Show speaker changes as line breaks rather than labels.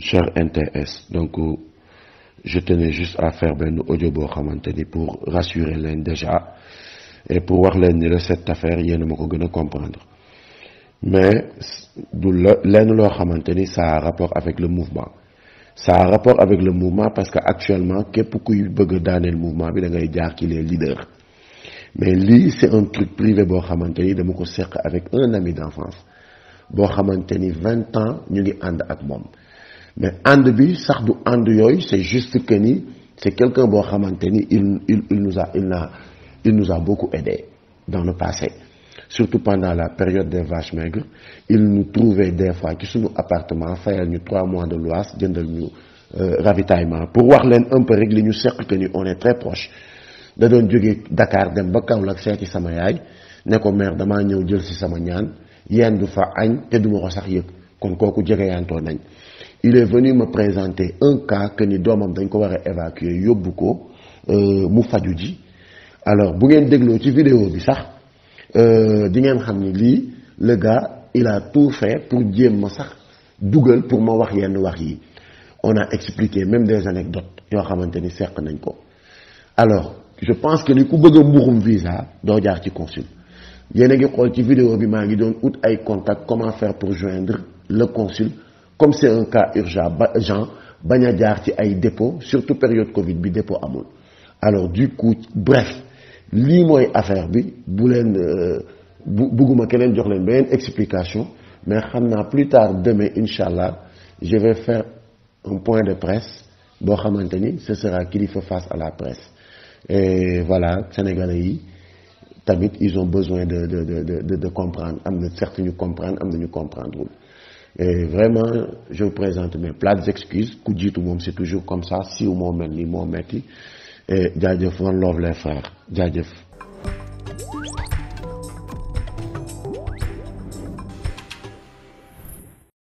cher NTS donc euh, je tenais juste à faire un audio pour rassurer l'un déjà et pour voir l'un de cette affaire y a faut pas comprendre mais l'un de ça a un rapport avec le mouvement ça a un rapport avec le mouvement parce qu'actuellement actuellement gens qui bëgg donner le mouvement bi da ngay qu'il est les mais lui, c'est un truc privé pour xamante ni dama avec un ami d'enfance boo xamante 20 ans ñu ngi un ak mais en début, sax du ànd c'est juste que ni c'est quelqu'un bon xamante il il il nous a il a il nous a beaucoup aidé dans le passé surtout pendant la période des vaches maigres il nous trouvait des fois qui sont nos appartements, suñu appartement fayal ñu trois mois de loyer jëndal ñu euh, ravitaillement pour voir l'un un peu régler nous ñu seq que on est très proche da doon jógee Dakar dem ba Kaolack seeti sama yaay ne ko mère damaa ñëw jël si sama ñaan yendu fa añ te duma ko sax yëg kon kooku jegeyaantoo nañ il est venu me présenter un cas que nous devons évacuer Yobuko ko euh, mu alors bu deglo ci vidéo bi sax euh, di le gars il a tout fait pour dire sax dougal pour ma wax yenn wax yi on a expliqué même des anecdotes yo xamanteni ni nañ ko alors je pense que ni ku bëgg a mbuxum visa do jaar ci consul yéen a ngi ci vidéo bi ma ngi don out ay contact comment faire pour joindre le consul comme c'est un cas urgent urgent bañ a jaar ci ay dépôt surtout période Covid bi dépôt amul alors du coup bref lii est affaire bi bu leen euh, bu bugguma keneen jox explication mais plus tard demain Inch'Allah, je vais faire un point de presse bo le maintenir. ce sera fait face à la presse et voilà sénégalais yi ils ont besoin de de de de de comprendre de nous certes ñu comprendre am nous comprendre et vraiment, je vous présente mes plates excuses. Coup tout le monde, c'est toujours comme ça. Si au moment ni moi metti Et, Djadjef, on love les frères.